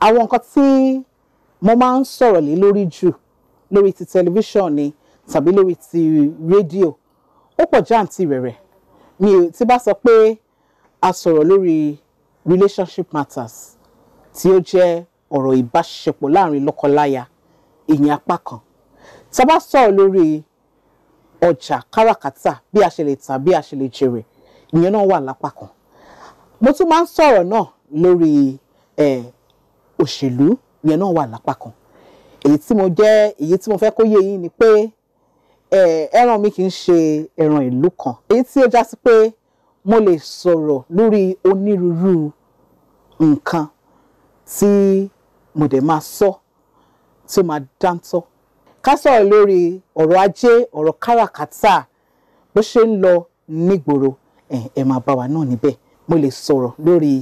àwọn nǹkan tí mo máa ń sọ̀rọ̀ lé lórí jù lórí ti tẹlifíṣàn ni tàbí lórí ti rédíò ó pọ̀ jáǹtì rẹ̀ mi ò ti bá sọ pé a sọ̀rọ̀ lórí relationship matters tí ó jẹ́ ọ̀rọ̀ ìbáṣepọ̀ láàrin lọ́kọláya ìyẹn apá kan tá a bá sọ̀rọ̀ lórí ọjà káràkátà bí a ṣe lè tà bí a ṣe lè jèrè ìyẹn náà wà lápá kan mo tún máa ń sọ̀rọ̀ náà lórí òṣèlú ìyẹn náà wà lápá kan èyí tí mo jẹ́ èyí tí mo fẹ́ kó yé yín ni pé ẹran mi kì í ṣe ẹran ìlú kan èyí tí ó já sí pé mo lè sọ̀rọ̀ lórí onírúurú nǹkan tí mo dẹ̀ máa sọ tí máa dáńtọ́ ká sọ̀rọ̀ lórí ọ̀rọ̀ ajé ọ̀rọ̀ káràkátà bó ṣe ń lọ nígboro ẹ máa bá wa náà níbẹ̀ mo lè sọ̀rọ̀ lórí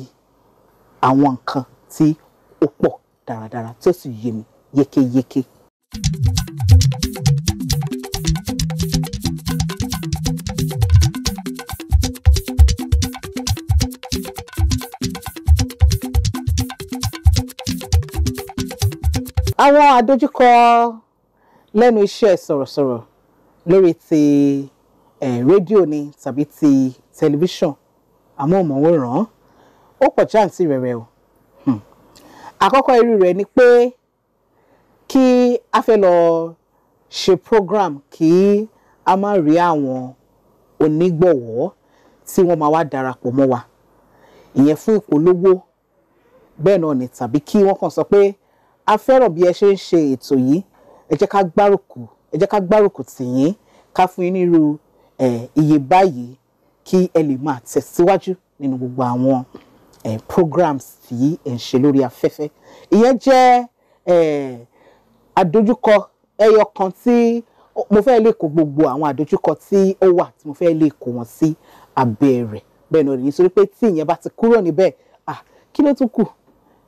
àwọn nǹkan tí ó pọ̀ dáradára tó sì yé mi yékéyéké. àwọn àdójúkọ lẹ́nu iṣẹ́ sọ̀rọ̀sọ̀rọ̀ lórí ti eh, rédíò ni tàbí ti tẹlifíṣàn amóhùnmáwòrán ó pọ̀ jáǹtì rẹ̀rẹ̀ o hmm. àkọ́kọ́ irú rẹ̀ ni pé kí a fẹ́ lọ ṣe program kí a má rí àwọn onígbọ̀wọ́ tí wọ́n máa wá darapọ̀ mọ́ wa ìyẹn fún ìpolówó bẹ́ẹ̀ náà ni tàbí kí wọ́n kàn sọ pé a fẹ́ràn bí ẹ ṣe ń ṣe ètò yìí ẹ jẹ́ ká gbárùkù ẹ jẹ́ ká gbárùkù tì yín ká fún yín nírú iye báyìí kí ẹ lè máa tẹ̀síwájú nínú gbogbo àwọn programs tí ẹ ń ṣe lórí afẹ́fẹ́ ìyẹn jẹ́ àdójúkọ ẹyọ kan tí mo fẹ́ lè kó gbogbo àwọn àdójúkọ tí ó wà tí mo fẹ́ lè kó wọn sí abẹ́ rẹ̀ bẹ́ẹ̀ náà nìyí torí pé tí ìyẹn bá ti kúrò níbẹ̀ kí ló tún kù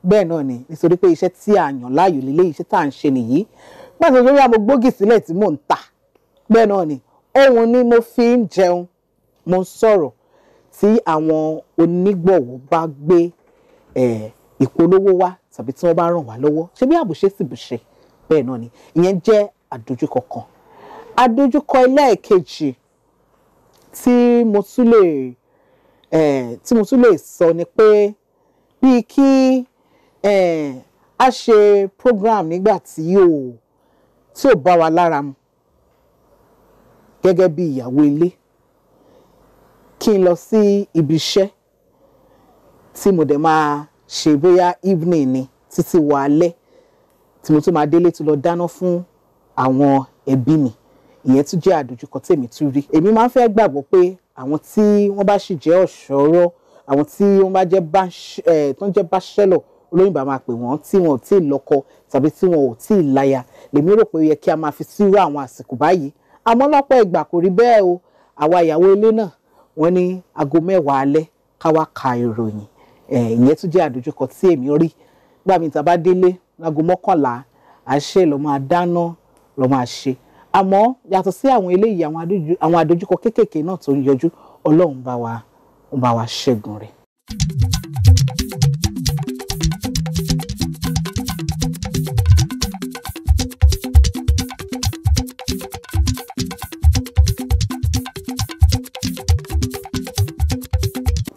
bẹ́ẹ̀ náà ni nítorí pé iṣẹ́ tí a yàn láàyò lélẹ́ iṣẹ́ tá à ń ṣe nìyí pàṣẹ lórí àmọ́ sílẹ̀ tí mò ń tà bẹ́ẹ̀ náà ni ohun ni mo fi ń jẹun mo ń sọ̀rọ̀ tí àwọn onígbọ̀wọ́ bá gbé ìpolówó wá tàbí tí wọ́n bá ràn wá lọ́wọ́ ṣé bí àbùṣe sì bùṣe bẹ́ẹ̀ náà ni ìyẹn jẹ́ àdójúkọ kan àdójúkọ ẹlẹ́ẹ̀kejì tí mo tún lè tí mo tún lè sọ ni pé bíi kí Eh, a ṣe program nígbà tí ò tí ò bá wa lára mu gẹ́gẹ́ bí ìyàwó ilé kí n lọ sí ibi iṣẹ́ tí mo dẹ̀ máa ṣe bóyá evening ni títí wọ alẹ́ tí mo tún máa délé tó lọ dáná fún àwọn ẹbí mi ìyẹn tún jẹ́ àdójúkọ tèmi tún rí èmi máa ń fẹ́ gbàgbọ́ pé àwọn tí wọ́n bá sì jẹ́ ọ̀ṣọ́rọ́ àwọn tí wọ́n bá jẹ́ báṣẹ́lọ̀ eh, olóyìnbá máa pè wọ́n tí wọn ò tí ì lọ́kọ tàbí tí wọn ò tí ì láya lèmi rò pé ó yẹ kí a máa fi sírú àwọn àsìkò báyìí àmọ́ lọ́pọ̀ ìgbà kò rí bẹ́ẹ̀ o àwa ìyàwó ilé náà wọ́n ní aago mẹ́wàá alẹ́ káwá ka ìròyìn ìyẹn tún jẹ́ àdójúkọ tí èmi rí gbà mí tàbá délé aago mọ́kànlá àṣẹ lọ́ máa dáná lọ́ máa ṣe àmọ́ yàtọ̀ sí àwọn eléyìí àwọn àdójúkọ kéékèèké náà tó ń yọjú ọlọ́run bá wa ń bá wa ṣẹ́gun rẹ̀.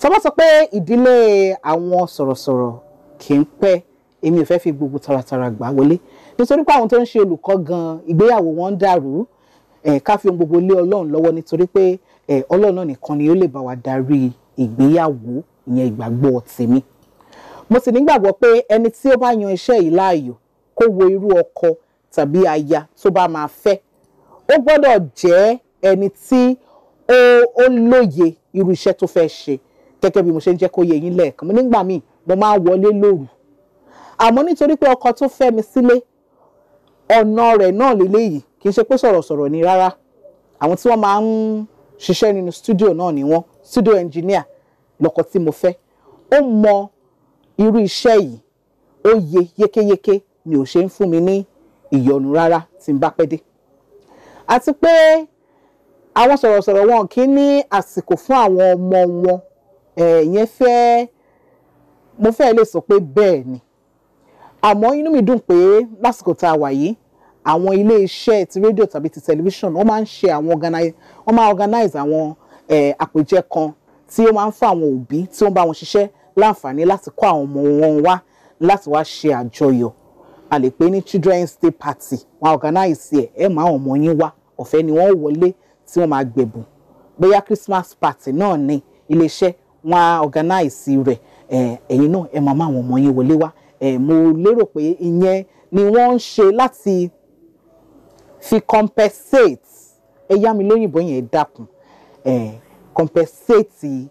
tá bá sọ pé ìdílé àwọn sọ̀rọ̀sọ̀rọ̀ kì í pẹ́ èmi ò fẹ́ fi gbogbo taratara gbà wọlé nítorí pé àwọn tó ń ṣe olùkọ́ gan ìgbéyàwó wọn ń dàrú ká fi ohun gbogbo lé ọlọ́run lọ́wọ́ nítorí pé ọlọ́run náà nìkan ni ó lè bá wa darí ìgbéyàwó ìyẹn ìgbàgbọ́ tèmi mo sì nígbàgbọ́ pé ẹni tí ó bá yan iṣẹ́ yìí láàyò kó wo irú ọkọ tàbí aya tó bá máa fẹ́ ó gbọ́dọ̀ jẹ́ ẹni tí ó lóye irú iṣẹ́ tó fẹ́ ṣe gẹ́gẹ́ bí mo ṣe ń jẹ́ kó yẹ yín lẹ́ẹ̀kan nígbà míì mo máa wọlé lóru àmọ́ nítorí pé ọkọ tó fẹ́ mi sílé ọ̀nà rẹ̀ náà lélẹ́yìí kì í ṣe pé sọ̀rọ̀sọ̀rọ̀ ni rárá àwọn tí wọ́n máa ń ṣiṣẹ́ nínú studio náà ni wọ́n studio engineer lọ́kọ tí mo fẹ́ ó mọ irú iṣẹ́ yìí ó yé yékéyéké ni ò ṣe ń fún mi ní ìyọnu rárá tí n bá pẹ́ dé àti pé àwọn sọ̀rọ̀sọ̀rọ̀ wọn kì í ní àsìkò fún àwọn ọmọ wọn ẹ̀yẹn fẹ́ mo fẹ́ lè sọ pé bẹ́ẹ̀ ni àmọ́ inú mi dùn pé lásìkò tá a wà yìí àwọn ilé iṣẹ́ ti rédíò tàbí ti tẹlifíṣàn wọ́n máa ń ṣe àwọn organize wọ́n máa organize àwọn àpèjẹ kan tí ó máa ń fún àwọn òbí tí wọ́n bá wọn ṣiṣẹ́ láǹfààní láti kó àwọn ọmọ wọn wá láti wá ṣe àjọyọ̀ a lè pè ní children's day party wọ́n organize ẹ̀ ẹ̀ máa ọmọ yín wá ọ̀fẹ́ ni wọ́n wọlé tí wọ́n máa gbẹ̀bùn bóyá christmas party náà ni iléeṣẹ́ wọn á organize rẹ̀ ẹ̀yin náà ẹ máa máa wọn ọmọ yín wọlé wá mo lérò pé ìyẹn ni wọ́n ń ṣe láti fi compensate ẹ̀yà mi lóyìnbó yẹn dákun compensate